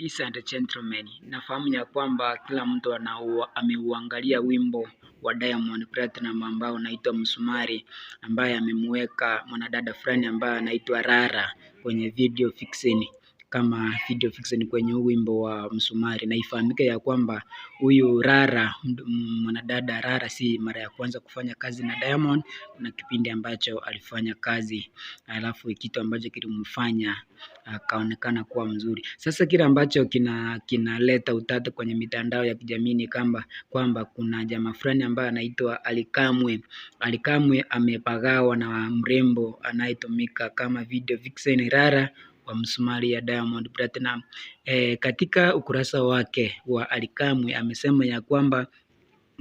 Ladies and gentlemen nafahamu ya kwamba kila mtu ameuangalia wimbo wa Diamond Platinum ambao unaitwa Msumari, ambaye amemweka mwanadada fulani ambaye anaitwa Rara kwenye video fixeni kama video fiction kwenye wimbo wa Msumari, na ifahamike ya kwamba huyu Rara, mwanadada Rara, si mara ya kwanza kufanya kazi na Diamond. Kuna kipindi ambacho alifanya kazi, alafu kitu ambacho kilimfanya akaonekana kuwa mzuri. Sasa kile ambacho kina kinaleta utata kwenye mitandao ya kijamii ni kwamba kuna jamaa fulani ambaye anaitwa Alikamwe. Alikamwe amepagawa na mrembo anayetumika kama video vixen Rara kwa msumari ya Diamond Platinum. E, eh, katika ukurasa wake wa Alikamwe amesema ya kwamba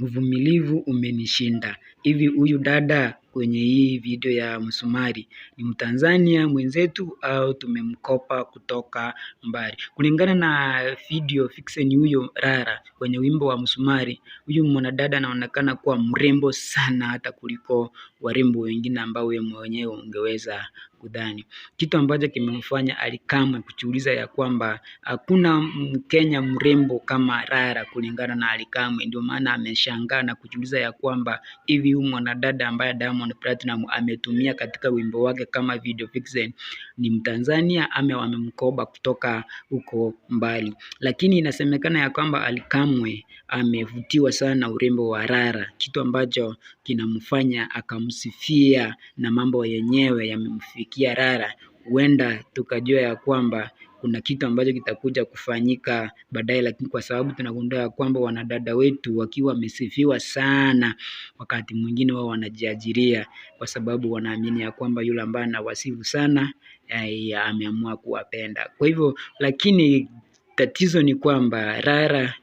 uvumilivu umenishinda. Hivi huyu dada kwenye hii video ya msumari ni Mtanzania mwenzetu au tumemkopa kutoka mbali? Kulingana na video Fixen huyo Rara kwenye wimbo wa msumari, huyu mwanadada anaonekana kuwa mrembo sana, hata kuliko warembo wengine ambao wewe mwenyewe ungeweza kudhani. Kitu ambacho kimemfanya Alikamwe kujiuliza ya kwamba hakuna Mkenya mrembo kama Rara kulingana na Alikamwe. Ndio maana ameshangaa na kujiuliza ya kwamba hivi huyu mwanadada ambaye Diamond Platinum ametumia katika wimbo wake kama video vixen ni Mtanzania ama wamemkoba kutoka huko mbali. Lakini inasemekana ya kwamba Alikamwe amevutiwa sana na urembo wa Rara, kitu ambacho kinamfanya akamsifia na mambo yenyewe yamemfika kusikia rara, huenda tukajua ya kwamba kuna kitu ambacho kitakuja kufanyika baadaye, lakini kwa sababu tunagundua ya kwamba wanadada wetu wakiwa wamesifiwa sana, wakati mwingine wao wanajiajiria kwa sababu wanaamini ya kwamba yule ambaye anawasifu sana eh, ameamua kuwapenda. Kwa hivyo, lakini tatizo ni kwamba rara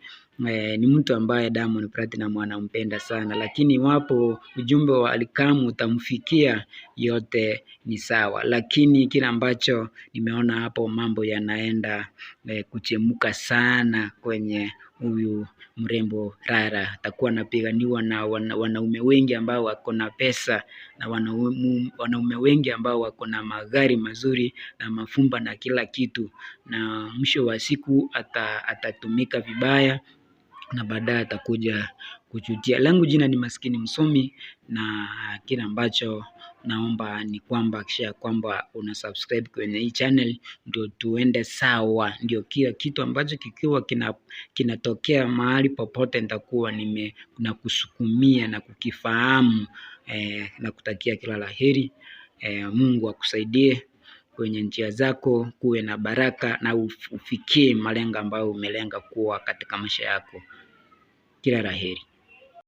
Eh, ni mtu ambaye Diamond Platinum anampenda sana, lakini iwapo ujumbe wa Alikamu utamfikia yote ni sawa, lakini kile ambacho nimeona hapo mambo yanaenda e, kuchemuka sana kwenye huyu mrembo Rara. Atakuwa anapiganiwa na wana, wanaume wengi ambao wako na pesa na wanaume, wanaume wengi ambao wako na magari mazuri na mafumba na kila kitu, na mwisho wa siku ata, atatumika vibaya na baadaye atakuja kuchutia Langu jina ni Maskini Msomi, na kile ambacho naomba ni kwamba kisha kwamba una subscribe kwenye hii channel, ndio tuende sawa, ndio kila kitu ambacho kikiwa kina kinatokea mahali popote, nitakuwa nime na kusukumia na kukifahamu eh, na kutakia kila laheri eh, Mungu akusaidie kwenye njia zako, kuwe na baraka na ufikie malengo ambayo umelenga kuwa katika maisha yako. Kila la heri.